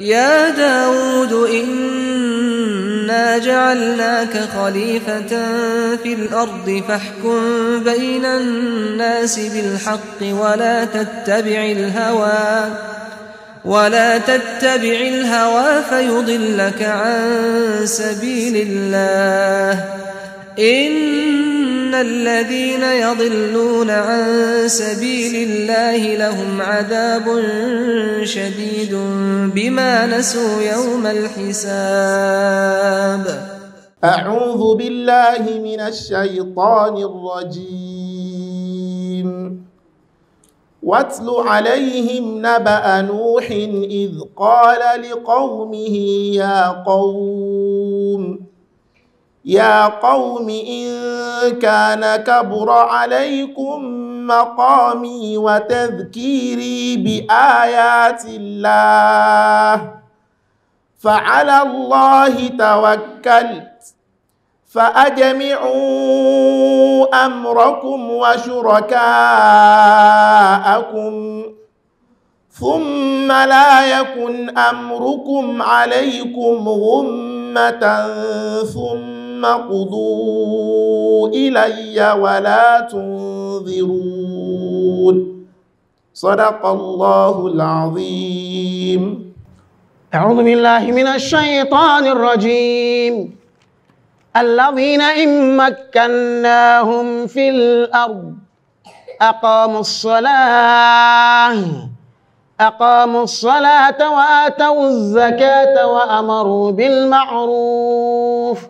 يا داود إنا جعلناك خليفة في الأرض فاحكم بين الناس بالحق ولا تتبع الهوى ولا تتبع الهوى فيضلك عن سبيل الله إن إن الذين يضلون عن سبيل الله لهم عذاب شديد بما نسوا يوم الحساب أعوذ بالله من الشيطان الرجيم واتل عليهم نبأ نوح إذ قال لقومه يا قوم يا قوم إن كان كبر عليكم مقامي وتذكيري بآيات الله فعلى الله توكلت فأجمعوا أمركم وشركاءكم ثم لا يكن أمركم عليكم غمة ثم ثم قضوا الي ولا تنذرون صدق الله العظيم اعوذ بالله من الشيطان الرجيم الذين ان مكناهم في الارض اقاموا الصلاه أقاموا الصلاة وآتوا الزكاة وأمروا بالمعروف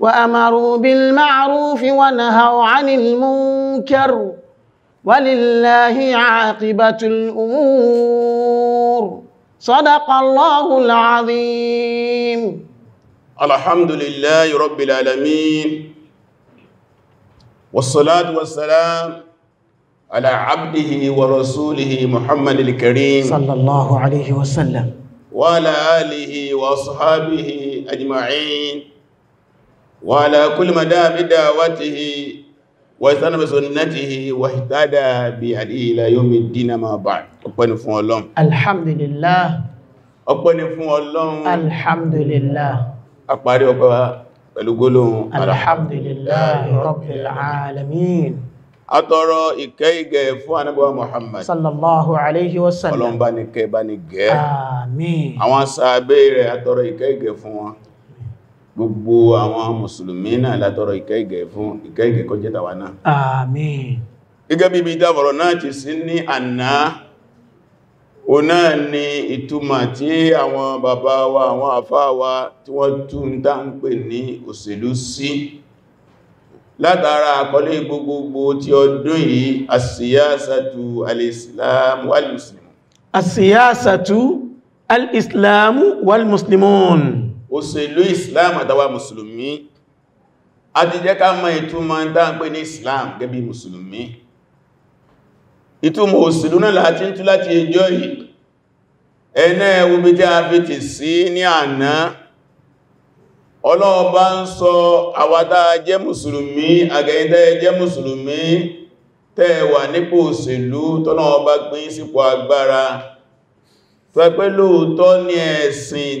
وأمروا بالمعروف ونهوا عن المنكر ولله عاقبة الأمور صدق الله العظيم الحمد لله رب العالمين والصلاة والسلام على عبده ورسوله محمد الكريم صلى الله عليه وسلم وعلى آله وأصحابه أجمعين وعلى كل مدى بدعوته واستنى بسنته واهتدى بهديه الى يوم الدين ما بعد ọpẹ́ ni fún Ọlọ́run alhamdulillah ọpẹ́ ni fún Ọlọ́run alhamdulillah a parí ọpẹ́ wa pẹ̀lú gbólóhùn alhamdulillah rabbil fún anábíwá gbogbo àwọn mùsùlùmí náà látọrọ ìkẹ́gẹ̀ fún ìkẹ́gẹ̀ kó jẹ́ tàwa náà àmín gẹ́gẹ́ bí ìdábọ̀rọ̀ náà ti sí ní àná o náà ni ìtumà tí àwọn bàbá wa àwọn àfá wa tí wọ́n tún dá ń pè ní òṣèlú sí látara àkọlé gbogbogbò ti ọdún yìí asíyásàtú al-islam wal-muslimun asíyásàtú al-islam wal-muslimun òṣèlú islam àtàwà mùsùlùmí a ti jẹ́ ká mọ̀ ìtumọ̀ dáńpé ní islam gẹ́bí mùsùlùmí ìtumọ̀ òṣèlú náà láti ń tú láti ẹjọ́ yìí ẹ̀nà ẹwùbí tí a fi ti sí ní àná ọlọ́ọba ń sọ àwádá jẹ́ mùsùlùmí àgẹ́yìntẹ́ jẹ́ mùsùlùmí tẹ́ẹ̀wà nípò òṣèlú tọ́lọ́ọba gbín sípò agbára tó ẹgbẹ́ lóòótọ́ ní ẹ̀sìn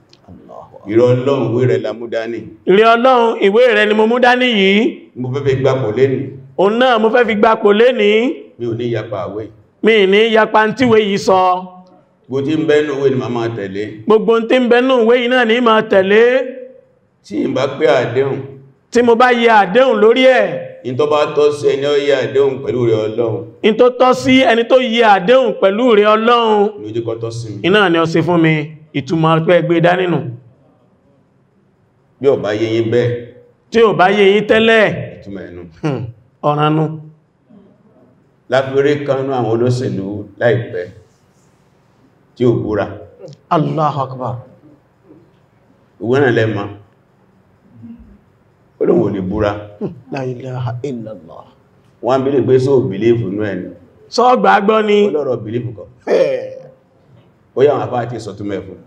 ìrọ̀ ọlọ́run ìwé rẹ̀ la mú dání ìrẹ̀ ọlọ́run ìwé rẹ̀ ni mo mú dání yìí mo fẹ́ fi gbapò lẹ́ni òun náà mo fẹ́ fi gbapò lẹ́ni mi ò ní yapa àwẹ́ mi ní yapa tí wé yìí sọ gbogbo tí ń bẹ́nu wé ni ni ma tẹ̀lé tí ń bá pé àdéhùn tí mo bá yẹ àdéhùn lórí ẹ̀ in tó bá tọ́ sí ẹni ó yẹ àdéhùn pẹ̀lú rẹ̀ ọlọ́run in tó tọ́ sí ẹni tó yẹ àdéhùn pẹ̀lú rẹ̀ ọlọ́run iná ni ó ṣe fún mi ìtumọ̀ pẹ́ gbé dánínú bí ò bá yé yín bẹ́ẹ̀ tí ò bá yé yín tẹ́lẹ̀ ọ̀ranú láfíorí kanú àwọn olóṣèlú láìpẹ́ tí ò búra Allahu Akbar ìwọ́n náà lẹ́mọ́ olóòwò lè búra hmm, La ilaha illallah wọ́n bí lè pé só bìlífù ní ẹni sọ gbàgbọ́ ni olóòrọ̀ bìlífù kọ ó yá àwọn àfáà ti sọ túnmẹ́ fún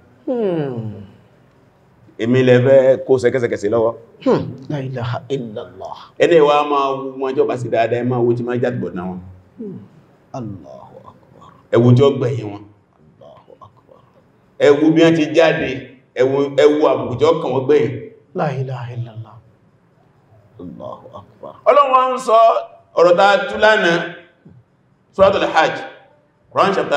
èmi lẹ́fẹ́ kó sẹ́kẹsẹ̀kẹsẹ̀ lọ́wọ́ hmm, la ilaha illallah ẹni wa máa wú mọ́jọ́ bá sí dáadáa ẹ máa wú tí máa jàdìbọ̀ náà wọn hmm, Allahu akbar ẹwù tí ó gbẹ̀yìn wọn Allahu akbar ẹwù bí wọ́n ti jáde ẹwù àbùkù tí ó kàn wọ́n gbẹ̀yìn la ilaha illallah Allahu akbar Ọlọ́run ń sọ ọ̀rọ̀ tá 21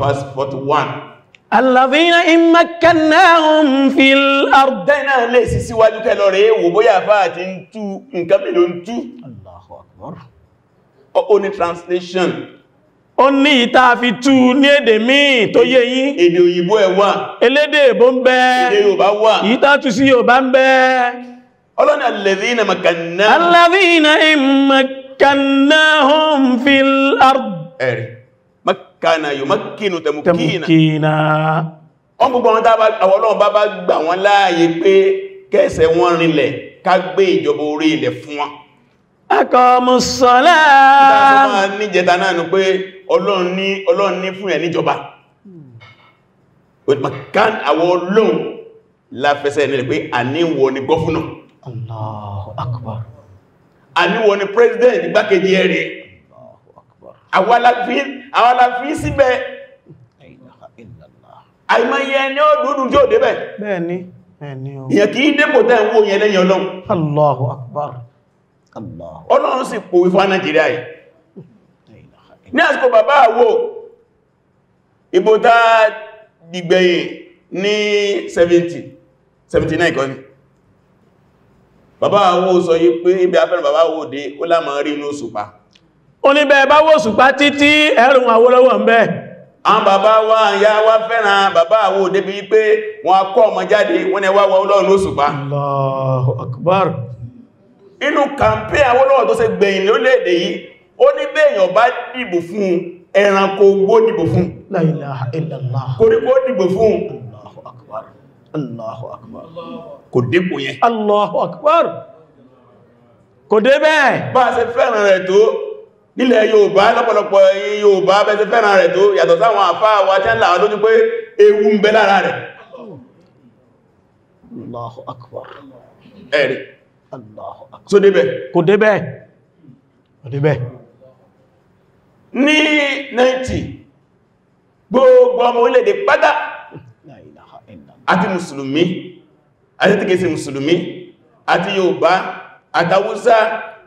verse 41 الذين ìmọ̀kànnáhùn fi في الأرض. sí síwájú kẹlọ rẹ̀ wò bóyá fáà ti ń tú nǹkan mẹ́lò ń tú. Allahu Akbar. Ó ní translation. Ó ní ìta fi tú ní èdè míì tó yé yín. Èdè òyìnbó ẹ̀ wà. Elédè èbó ń bẹ. Èdè Yorùbá wà. Ìta tú sí Yorùbá ń bẹ. Ọlọ́ni àlàfíìnà Kana yóò mọ́kínú tẹmùkínà wọ́n gbogbo wọn tàbí àwọ̀lọ́wọ́n bá bá gbà wọ́n láàyè pé kẹsẹ̀ wọn rinlẹ̀ ká gbé ìjọba orí ilẹ̀ fún wọn akọmùsọ́lá níjẹta náà nù pé ọlọ́run ní fún ẹ̀ níjọba kan àwọn ọlọ́run ni gọ́fúnà Allahu Akbar àníwọ ni president igbákejì ẹ̀rẹ̀ àwọ́láfí síbẹ̀ àìmáyẹ ẹni ó dúdú jò débẹ̀ bẹ́ẹ̀ni ìyẹn kí í dépò tẹ́ ń wó yẹn lẹ́yìn ọlọ́run Allahu Akbar ọlọ́run sì pò wífà Nàìjíríà yìí ní àsìkò bàbá àwò ìbò tá dìgbẹ̀yìn ní 70 79 kan ní bàbá àwò sọ yí pé ibi afẹ́rẹ̀ bàbá àwò dé ó lámọ̀ rí inú sùpá oníbẹ̀ bá wò títí ẹ̀rùn Awólọ́wọ̀ ń bẹ àwọn bàbá wa ya wá fẹ́ràn bàbá àwò débi pé wọn a ọmọ jáde wọn ni wá Allahu inú kàmpé Awólọ́wọ̀ tó ṣe gbẹ̀yìn lórílẹ̀-èdè yìí ó bá dìbò fún ẹranko gbó dìbò fún kò dé bẹ́ẹ̀ bá fẹ́ràn nílẹ̀ Yorùbá lọ́pọ̀lọpọ̀ ẹ̀yin Yorùbá bẹ́ẹ̀ ti fẹ́ràn rẹ̀ tó yàtọ̀ sáwọn àfá wa tí ń là lójú pé ewu ń bẹ lára rẹ̀ Allahu Akbar ẹ̀rí Allahu Akbar so débẹ̀ kò débẹ̀ kò débẹ̀ ní 90 gbogbo ọmọ orílẹ̀-èdè pátá àti mùsùlùmí àti tí kìí ṣe mùsùlùmí àti Yorùbá àti Haúsá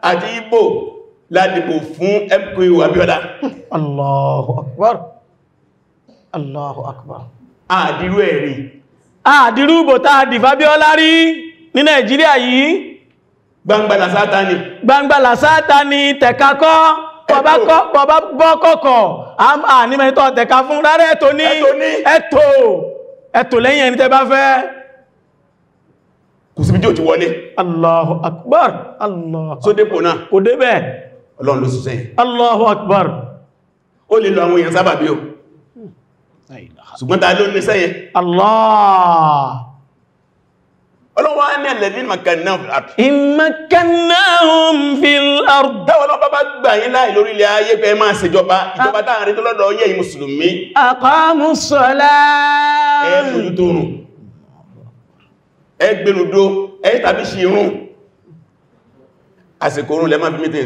àti Ìgbò ládìbò fún MKO Abíọ́lá Allahu Akbar Allahu Akbar àdírú ẹ̀rí àdírú bòtá àdìfábíọ́lá rí ní Nàìjíríà yìí gbangbala sátani gbangbala sátani tẹ̀kakọ́ bọ̀bá bọ́kọ̀kọ̀ ànímẹ́tọ̀ tẹ̀ka fún rárẹ́ tó ní ẹ̀tò ẹ̀tò lẹ́yìn ẹni tẹ́ bá fẹ́ kùsìbí jò ti wọlé Allahu Akbar Allah so dépò náà ọlọ́run ló ṣiṣẹ́ Allahu Akbar ó lè lọ àwọn èèyàn sábà bí o ṣùgbọ́n ta ló ní sẹ́yẹ Allah ọlọ́wọ́ ní ẹ̀lẹ́dín makannahum fil ard dáwọlọ́ bá bá gbà yín láì lórí ilẹ̀ ayé pé máa ṣèjọba ìjọba táàrin tó lọ́dọ̀ yẹ́ mùsùlùmí aqamus salat ẹ̀mùjú tó rùn ẹgbẹ̀rùndó ẹ̀ tàbí ṣe irun àsìkò orun lẹ́mọ́ bí mítẹ̀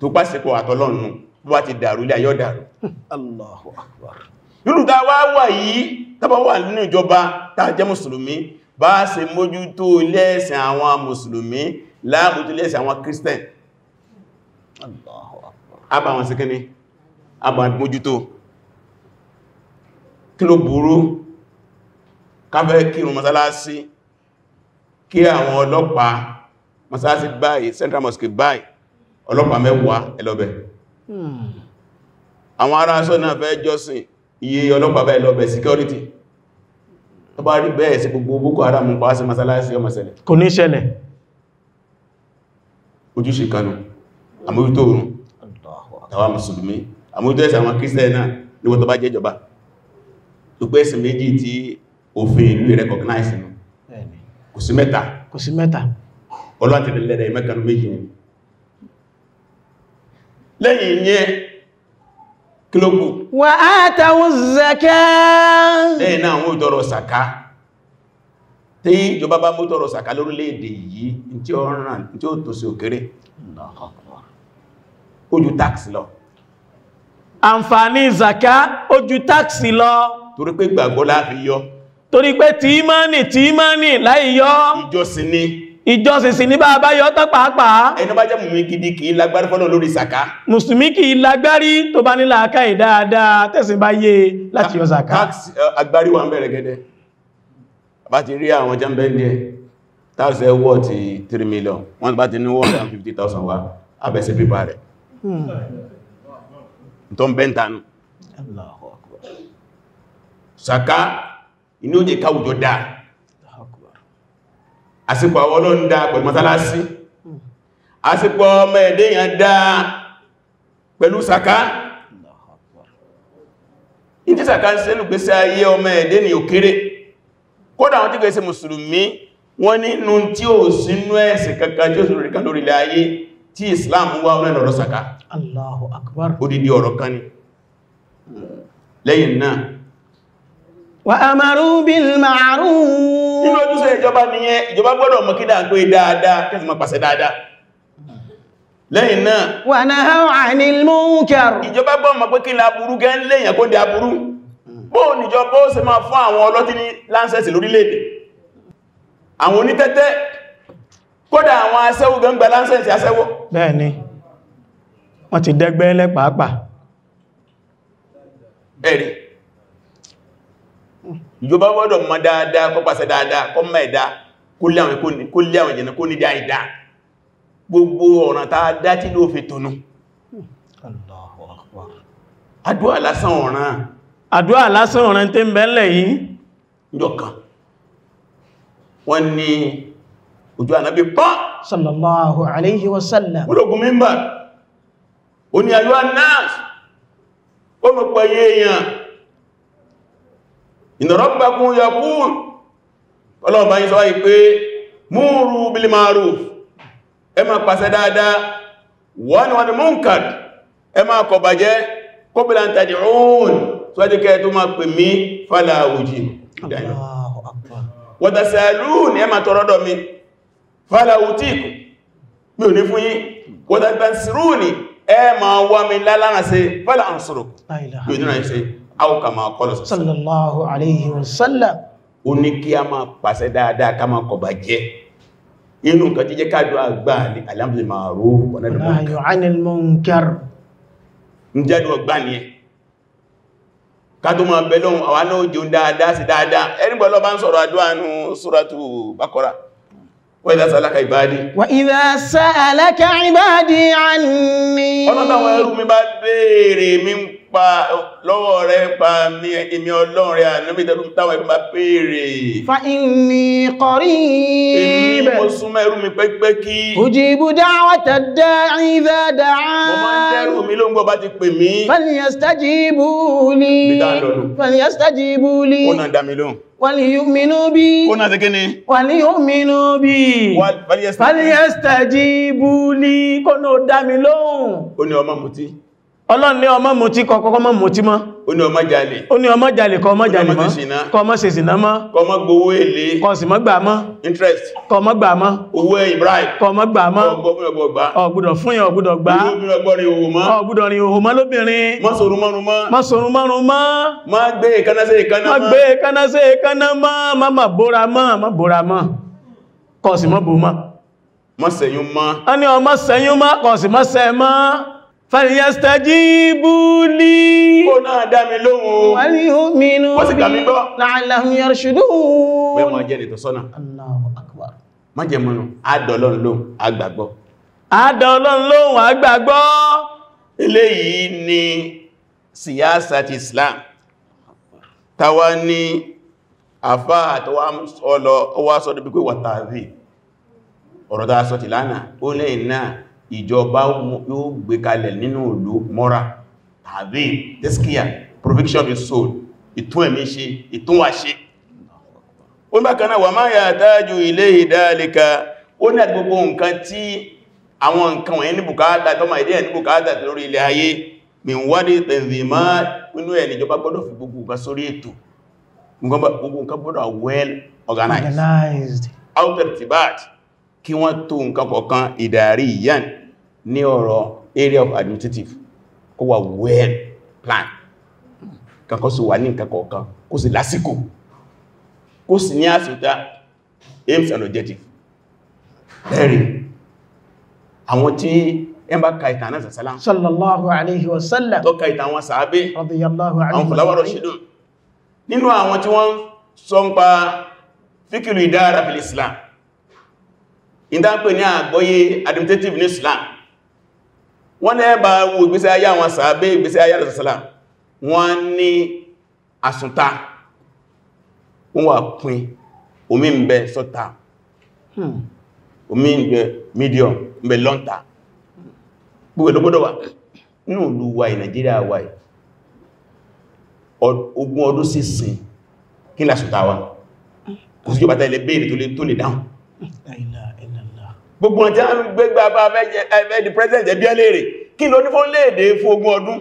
tó pàṣípò àtọ́lọ́nù tó wá ti dàrú ilé ayọ́ dàrú. Allahu Akbar. Lúlù ta wá wà yìí, tàbá wà nínú ìjọba tàà jẹ́ Mùsùlùmí, bá ṣe mójú tó lẹ́ẹ̀sìn àwọn Mùsùlùmí láàbù tó lẹ́ẹ̀sìn àwọn Kírísítẹ̀n. Allahu Akbar. Abà wọn sí kíní, abà mójú tó. Kí ló burú? Káfẹ́ kírun mọ́sálásí, kí àwọn ọlọ́pàá, mọ́sálásí báyìí, Central Mosque báyìí, ọlọ́pàá mẹ́wàá ẹlọ́bẹ̀ hmm. àwọn ará aṣọ́ náà fẹ́ jọ́sìn iye ọlọ́pàá bẹ́ẹ̀ lọ́bẹ̀ security tó bá rí bẹ́ẹ̀ sí gbogbo Boko Haram pa sí masalasi ọmọ ṣẹlẹ̀ kò ní ṣẹlẹ̀ ojúṣe kanu àmójútó oòrùn tàwa mùsùlùmí àmójútó ẹ̀sẹ̀ àwọn kírísẹ̀ náà ní wọ́n tó bá jẹ́ ìjọba tó pé ẹ̀sìn méjì tí òfin ìlú recognize nù kò sí mẹ́ta kò sí mẹ́ta ọlọ́tẹ̀lẹ̀lẹ́rẹ̀ mẹ́kanu méjì ni lẹ́yìn yẹn kílógún wà átàwù zaka lẹ́yìn náà wọ́n ìtọrọ sàká tí ìjọba bá mú tọrọ sàká lórílẹ̀-èdè yìí tí ó ràn tí ó tó sí òkèrè ojú táksì lọ àǹfààní zaka ojú táksì lọ torí pé gbàgbọ́ láàfi yọ torí pé tí ìmánì tí ìmánì láì yọ ìjọsìn ni ìjọsìn sí ní bàbá yọ tán pàápàá ẹni bá jẹ́ mùmí gidi kìí lágbárí fọ́nà lórí sàká mùsùlùmí kìí lágbárí tó bá nílà aká ìdáadáa tẹ̀sìn bá yé láti yọ sàká eh, agbárí wà ń bẹ̀rẹ̀ gẹ́dẹ́ bá ti rí àwọn jẹ́mbẹ́ndẹ̀ táàsì ẹwọ́ ti 3 million wọ́n bá ti ní 150,000 wá abẹ́sẹ̀ pípa rẹ̀ hmm. tó ń bẹ́ntanu sàká inú ó jẹ́ káwùjọ dáa àsìkò àwọn ọlọ́run dá pẹ̀lú mọ́sálásí àsìkò ọmọ ẹ̀dẹ́yàn dá pẹ̀lú sàká ìtí sàká ń sẹ́lù pèsè ayé ọmọ ẹ̀dẹ́ ni òkèrè kódà wọn tí kèsè mùsùlùmí wọ́n nínú tí ó sínú ẹ̀sìn kankan tí ó sùn ríkan lórí nínú ojúṣe ìjọba nìyẹn ìjọba gbọ́dọ̀ mọ̀ kí dáadọ́ dáadáa kí ẹ̀sìn mọ́ pàṣẹ dáadáa lẹ́yìn náà wà náà hàn àìní múnkẹrù ìjọba gbọ́n mọ̀ pé kí láburú gẹ́ ń lèyàn kó dẹ aburú bóò nìjọba ó ṣe máa fún àwọn ọlọ́tí ní láńsẹ̀sì lórílẹ̀-èdè àwọn onítẹ́tẹ́ kódà àwọn aṣẹ́wó gẹ́ngbà láńsẹ̀sì aṣẹ́wó ẹ̀rì ìjọba gbọ́dọ̀ mọ̀ dáadáa kó pàṣẹ dáadáa kó mọ̀ ẹ̀dá kó lé àwọn ìjẹ̀nà kó ní dáadáa gbogbo ọ̀nà táa dá tí ló fi tọ̀nù Allahu Akbar àdúwà lásán ọ̀ràn àdúwà lásán ọ̀ràn tí ń bẹ́lẹ̀ yìí jọkàn wọ́n ní ojú ànábí pọ́ sallallahu alaihi wasallam ológun mímbà ó ní ayúwà náà ó mọ̀ pẹ̀yẹ èèyàn ìnàrọ́gbàkún yakún ọlọ́ọ̀bá yí sọ wáyé pé múrù bílì márùf ẹ máa pàṣẹ dáadáa wọ́n wọ́n múnkàd ẹ máa kọ̀bàjẹ́ kóbílá ń tàdí òun tọ́jú kẹ́ tó máa pè mí fàlà òjì wọ́tàṣàlùn ẹ máa aw kama qala sallallahu alayhi wa sallam ó ní kí a máa pàṣẹ dáadáa ká máa kọ̀ bàjẹ́ inú nǹkan tí jẹ́ ká dúà àgbà ní al-amru bil ma'ruf wa nahyi 'anil máa bẹ̀lọ́un àwọn náà jùn sa'alaka ibadi wa idha sa'alaka ibadi anni ọlọ́tàwọn ẹrù mi bá béèrè mi pa lọ́wọ́ rẹ̀ pa mi èmi ọlọ́run rẹ̀ ànábì táwọn ẹ̀bí máa pèèrè fa inni qarib èmi mo súnmọ́ ẹrú mi pẹ́pẹ́ kí ujibu da'wata da'i idha da'an mo máa ń dẹ́rù mi ló ń gbọ́ bá ti pè mí falyastajibu li falyastajibu li bí wàlìyùmínú bí wàlìyàstàjíbú lí ọlọ́run ní ọmọ mú tí kọkọ́kọ́ mọ́ mú tí mọ́ ó ní ọmọ jalè ó ní ọmọ jalè kọ ọmọ jalè mọ́ kọ ọmọ ṣe sìná mọ́ kọ ọmọ gbowó èlé kọ sì mọ́ gbà mọ́ interest kọ ọmọ gbà mọ́ owó ẹ̀yìn bribe kọ ọmọ gbà mọ́ ọgbọ́dọ̀ fún yẹn ọgbọ́dọ̀ gbà ọgbọ́dọ̀ rin òhò mọ́ lóbìnrin má sorun mọ́run mọ́ má gbé èékánná sí èékánná má gbé èékánná sí èékánná mọ́ má má bóra mọ́ má bóra mọ́ فليستجيبوا لي وليؤمنوا بي لعلهم يرشدون bẹ́ẹ̀ máa jẹ́ lè tọ́sọ́nà Allahu Akbar má jẹ mọ́nà adọ́lọ́n lóhun agbàgbọ́ adọ́lọ́n lóhun agbàgbọ́ eléyìí ni siyasa ti Islam tàwa ni àfá àtọwà ọlọ́ ọwá sọ́dọ̀ bí pé wà tààrí ọ̀rọ̀ tàà sọ ti lánàá ó lẹ́yìn náà ìjọba yóò gbé kalẹ̀ nínú ìlú mọ́ra tàbí tẹ́síkíyà provision of soul ìtún ẹ̀mí ṣe ìtún wà ṣe ó bákan náà wà máa yà dájú ilé ìdálẹ́ka ó ní àgbogbo nǹkan tí àwọn nǹkan wọ̀nyí ní bùkátà tó ma ìdí ẹ̀ ní bùkátà lórí ilẹ̀ ayé min wádé tẹ̀nzìmá inú ẹ̀ níjọba gbọ́dọ̀ fi gbogbo nǹkan sórí ètò gbogbo nǹkan gbọ́dọ̀ well organized, organized. out of the bat kí wọ́n tó nǹkan kọ̀ọ̀kan ìdàrí ìyàn ní ọ̀rọ̀ area of administrative kó wà well plan kankan sí wà ní nǹkan kọ̀ọ̀kan kó sì lásìkò kó sì ní àsìta aims and objective bẹ́ẹ̀rẹ̀ àwọn tí ẹn bá ka ìtànà sàsálá sallallahu alaihi wasallam tó ka ìtàwọn sàábé radiyallahu anhu àwọn fòláwọ́rọ̀ ṣìdó nínú àwọn tí wọ́n sọ ń pa fíkìlù ìdára fil Islam ìdánpẹ̀ ní àgbọ́yé administrative ní Islam wọ́n ní ẹbà wo ìgbésẹ̀ ayé àwọn sàábé ìgbésẹ̀ ayé àdásàsàlá wọ́n ní àsùntà wọ́n wà pín omi ń bẹ sọ́ta hmm. omi ń bẹ medium ń bẹ lọ́ntà gbogbo ẹ̀lọ́gbọ́dọ̀ wà nínú ìlú wa Nàìjíríà wa ogún ọdún sí sin kí lásùntà wa kò sí jọba tẹ́lẹ̀ béèrè gbogbo ọjọ́ ń gbégbà bá ẹgbẹ́ di president ẹbí ẹlẹ́rẹ̀ kí ló ní fún léèdè fún ogún ọdún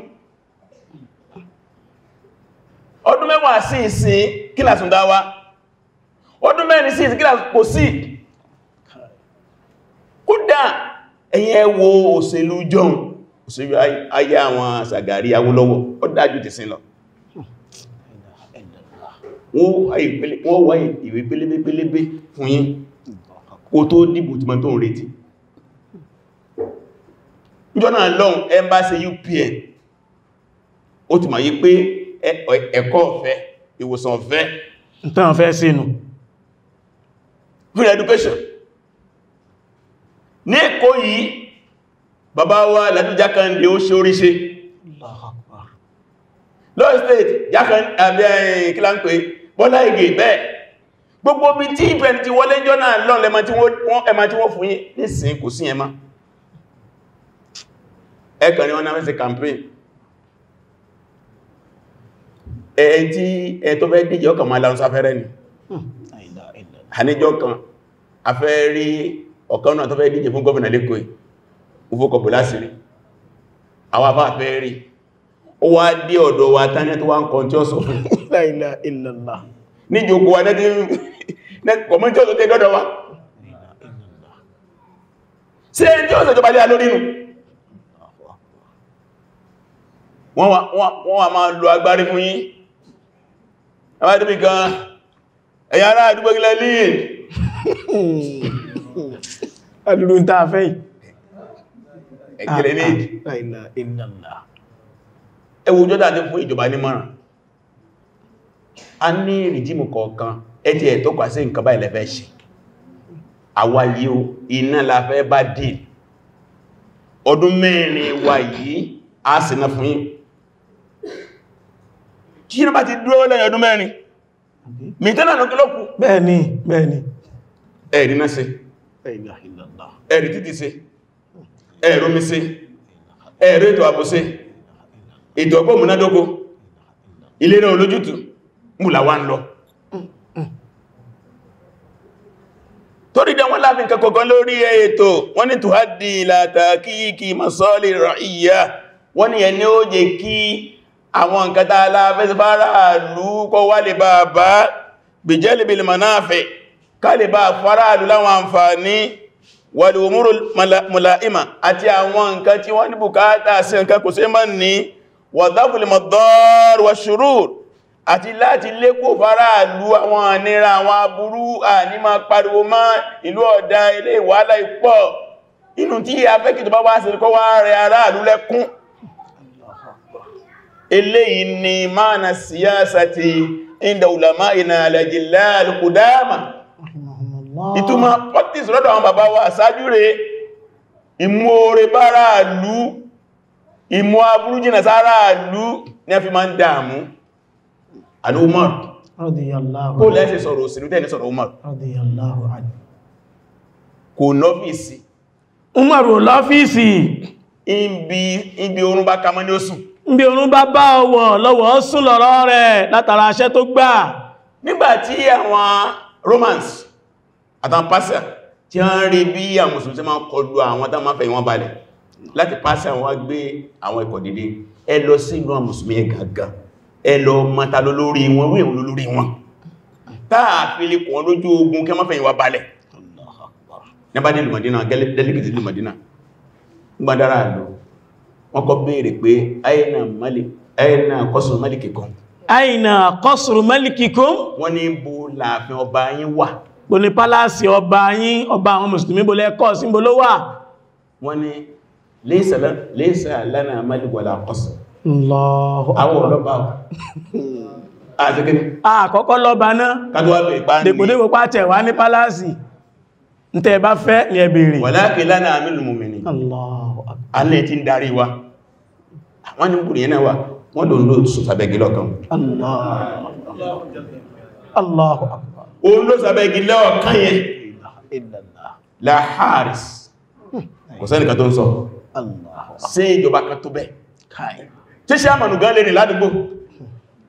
ọdún mẹ́wàá sí ìsìn kí lásùn dáwà ọdún mẹ́rin sí ìsìn kí lásùn kò sí kódà ẹ̀yẹ wo òṣèlú john òṣèlú ayé àwọn Ṣàgàrí Awólọ́wọ̀ ó dájú ti sin lọ wọ́n wá ìwé pélébé pélébé fún yín kò tó dìbò tí mọ́ tó ń retí ìjọ náà lọ́un ẹmbá ṣe UPN ó ti mọ̀ yí pé ẹ̀kọ́ ọ̀fẹ́ ìwòsàn ọ̀fẹ́ tán fẹ́ sínú free education ní èkó yìí bàbá wa Làtú Jákàndé ó ṣe oríṣẹ́ lọ́ọ̀ state jákàndé àbí kílánpé Bọ́lá Ìgè bẹ́ẹ̀ gbogbo bí tí ìbẹ̀ni ti wọlé jọ náà lọ lẹ́mà tí wọ́n fún yí nísìn kò sí ẹmá ẹkàrí wọn náà fẹ́ campaign ẹ̀ẹ́ tí ẹ tó fẹ́ díje ọkàn máa lárún sáfẹ́rẹ́ ni àníjọ́ kan a fẹ́ rí ọ̀kan náà tó fẹ́ díje fún gómìnà lẹ́kọ̀ọ́ ìfòkọ̀bù lásìrí àwọn afá fẹ́ rí ó wá dé ọ̀dọ̀ wa tánẹ́ tó wá ń kọ́ tí ó sọ fún ìlàìlà ìlàlá níjòkó wa nẹ́dí kọ̀mọ́ tí ó tẹ́ dọ́dọ̀ wa ṣe tí ó tẹ́jọba lé alórínú wọ́n wà máa lo agbárí fún yín àwádìí kan ẹ̀yà ará àdúgbò gílẹ̀ líìn adúrú ń tàà fẹ́ ẹ̀gẹ̀rẹ̀ ní ah, ah, ẹwùjọ́dá ní fún ìjọba ní mọ́ràn a ní ìrìjímù kọ̀ọ̀kan ẹ̀tì ẹ̀ tó kà sí nǹkan báyìí lẹ́fẹ́ ṣe àwa yìí iná la fẹ́ bá dì ọdún mẹ́rin wa yìí a sì ná fún yín tí yínà bá ti dúró lẹ́yìn ọdún mẹ́rin mìtánà lókèlókù bẹ́ẹ̀ni bẹ́ẹ̀ni ẹ̀rí náà ṣe ẹ̀rí títí ṣe ẹ̀rọ mi ṣe ẹ̀rọ ètò àbò ṣe ètò ọgbọ́ múnádógó ilé náà olójútù múlà wá ń lọ torí dẹ wọ́n láàfin kankan lórí ètò wọ́n ní tùhádì ìlàtà kí kí masọ́lì ra'iyya wọ́n ní ẹni ó jẹ kí àwọn nǹkan tá aláfẹ́sẹ̀fára àlú kọ́ wà lè bá bá bìjẹ́lìbìl manáfẹ́ ká lè bá fara àlú àti láti lékò fara ìlú àwọn ànira àwọn aburú àní máa pariwo má ìlú ọ̀dá ilé ìwàlá ipọ̀ inú tí a fẹ́ kí tó bá wá sí kọ́ wá rẹ ará ìlú lẹ́kún eléyìí ni máàna siyasati inda ulama ina alajila alukudama ìtumọ̀ pọ́tìs rọ́dọ̀ àwọn bàbá wa sáájú rẹ̀ ìmú oore bára ìlú ìmú aburú jìnà sára ìlú ni a fi máa ń dààmú àdó Umar kó lẹ́ṣẹ́ sọ̀rọ̀ òṣèlú tẹ́ni sọ̀rọ̀ Umar kò lọ́fíìsì Umar ò lọ́fíìsì ibi orun bá kamọ́ ní oṣù ibi orun bá bá ọwọ̀ lọ́wọ́ sùn lọ́rọ̀ rẹ̀ látara aṣẹ́ tó gbà nígbàtí àwọn Romans àtàwọn Persia tí a ń rí bí àwọn Mùsùlùmí máa kọlu àwọn tán máa fẹ̀ wọn balẹ̀ láti Persia wọn gbé àwọn ikọ̀ dìde ẹ lọ sí ìlú àwọn Mùsùlùmí ẹlọ mọ́ta l'órí wọn wé òun wọn táà fílé kùn lójú ogun kẹ mọ́fẹ́ balẹ̀ nẹ́bàdé lùmọ̀dínà délégìtì lùmọ̀dínà gbọ́dára àlò wọ́n kọ́ béèrè pé àìnà kọ́sùrù málìkì kan àìnà kọ́sùrù málìkì kan wọ́n ni bó láàfin ọba yín wà bó ọba yín ọba àwọn mùsùlùmí bó lẹ́kọ́ sí bó ló wà wọ́n àwọn ọlọ́ba àṣekíní ah, àkọ́kọ́ ah, lọ́ba náà dèkòdékò pàtẹ̀ wá ní pálásì ń tẹ́ bá ní ẹbẹ̀rẹ̀ wàláàkì lánà àmìlù mùmìnì wa ní gbùrù yẹnà wa wọ́n lò ń lò hmm. kò tó ń sọ ìjọba kan tó tí ṣe àmànù gan lè rìn ládùgbò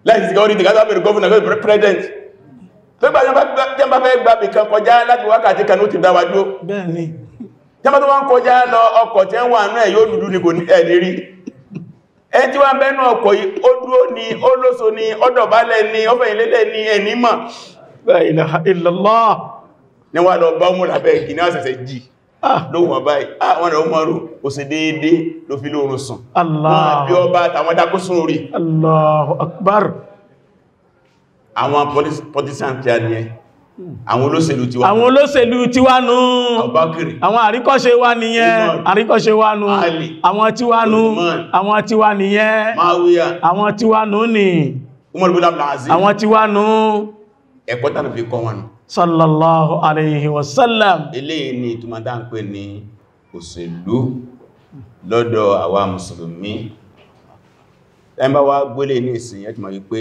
láìsí ìgbà orí ìgbà bẹ̀rẹ̀ gọ́ọ̀nà gọ́ọ̀nà president tó gbà jẹ́mbà fẹ́ gbà bìkan kọjá láti wákàtí kan ó ti dáwà dúó jẹ́mbà tó wá ń kọjá lọ ọkọ̀ tí wà náà yóò dúdú ní kò ní ẹ̀lì rí ẹ tí wá bẹ́nu ọkọ̀ yìí ó dúó ni ó lóso ni ó dọ̀bálẹ̀ ni ó fẹ̀yìn lélẹ̀ ni ẹni mọ̀ ah lóhun àbáyì ah wọ́n rẹ̀ ọmọ rú kò sí déédé ló fi lóòrùn sùn Allah bí ọba àtàwọn dákó sún orí Allahu Akbar àwọn politician tí a ní ẹ àwọn olóṣèlú tiwa àwọn olóṣèlú tiwa nù àwọn àríkọ́ṣe wa nìyẹn àríkọ́ṣe wa nù àwọn tiwa nù àwọn tiwa nìyẹn àwọn tiwa nù ní àwọn tiwa nù ẹ̀kọ́ tàbí kọ́ wọn nù sallallahu alayhi wa sallam eléyìí ni ìtumọ̀dá ń pè ní òṣèlú lọ́dọ̀ àwa mùsùlùmí ẹmbá wá gbélé ní ìsìn yẹ́ ti mọ̀ wípé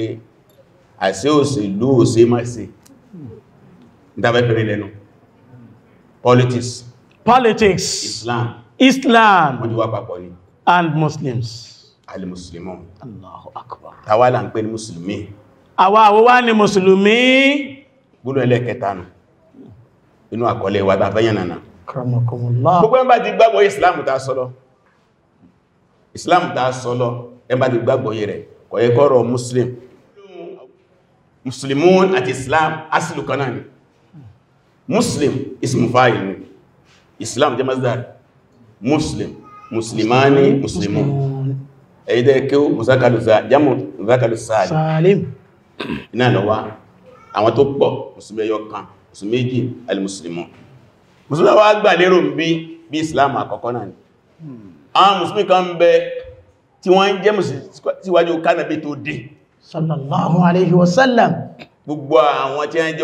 àṣẹ òṣèlú òṣè máṣe ìdábẹ́fẹ́rin lẹ́nu politics politics islam islam wọ́n papọ̀ ni and muslims alimuslimun Allah akbar tàwà là ń pè ní mùsùlùmí àwa àwọwá ni mùsùlùmí gbóló ẹlẹ́kẹta nù inú àkọlé wa tàbí yànnà gbogbo ẹmbà ti gbàgbọ́ islam ta sọ́lọ́ islam ta sọ́lọ́ ẹmbà ti gbàgbọ́ rẹ̀ kọ̀yẹ́kọ́rọ̀ muslim muslimun àti islam asìlù ni muslim ismu fa'il islam jẹ́ masdar muslim muslimani muslimun ẹ̀yẹ́dẹ́ kí ó mùsákàlùsà jámù mùsákàlùsà salim iná lọ àwọn tó pọ̀ mùsùlùmí ẹyọ kan mùsùlùmí méjì alìmùsùlùmọ́ mùsùlùmí wá gbà lérò bí bí islam àkọ́kọ́ náà ni àwọn mùsùlùmí kan ń bẹ tí wọ́n jẹ́ síwájú kánàbí tó dé gbogbo àwọn tí wọ́n jẹ́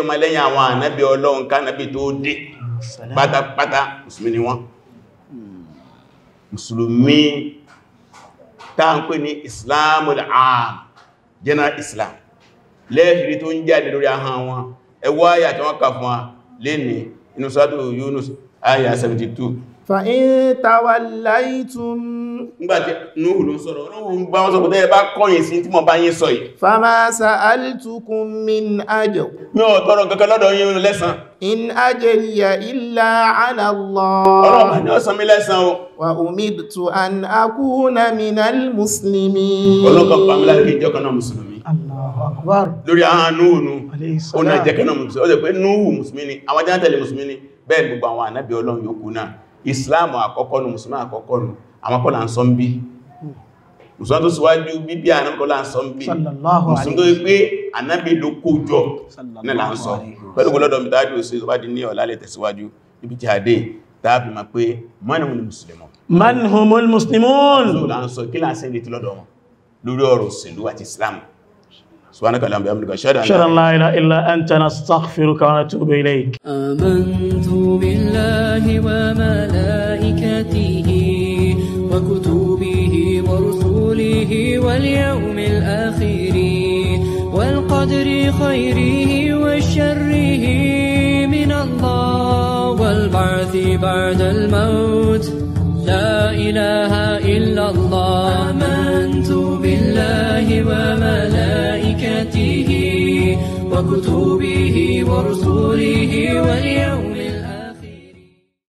general islam lẹ́ẹ̀fìrí tó ń jáde lórí ahọ́n wọn ẹwọ́ àyà tí wọ́n kà fún wa lè ní inú sọ́dọ̀ Yunus àyà 72 fa'in tawallaitum nígbàtí núhù ló sọ̀rọ̀ olóhùn gbá wọn sọ pẹ̀lú ẹbá kọ́yìn sí tí mo bá yín sọ yìí fama sa'altukum min ajr mi ò tọrọ kankan lọ́dọ̀ yín nínú lẹ́san in ajriya illa ala Allah ọlọ́pàá ní ọ̀sán mi lẹ́san o wa umirtu an akuna minal muslimin ọlọ́kọ̀ pàmílá kí musulmi lórí àánú ònú ọ̀nà ìjẹ́kẹ́nà mùsùlùmí ọ̀dẹ̀ pé núhù mùsùlùmí ni àwọn jẹ́ntẹ̀lẹ̀ mùsùlùmí ni bẹ́ẹ̀ gbogbo àwọn ànábì ọlọ́run yòókù náà ìsìláàmù àkọ́kọ́ nù mùsùlùmí àkọ́kọ́ nù àwọn kọ́ là ń sọ ń bí mùsùlùmí tó síwájú bíbí ànábì kọ́ là ń sọ ń bí mùsùlùmí tó pé ànábì ló kó jọ náà là ń sọ pẹ̀lú gbọ́lọ́dọ̀ mi dájú sí tó bá di lórí ọ̀rọ̀ òṣèlú àti islam سبحانك اللهم بحمدك اشهد ان لا اله الا انت نستغفرك ونتوب اليك امنت بالله وملائكته وكتبه ورسله واليوم الاخر والقدر خيره وشره من الله والبعث بعد الموت لا إله إلا الله آمنت بالله وملائكته وكتبه ورسله واليوم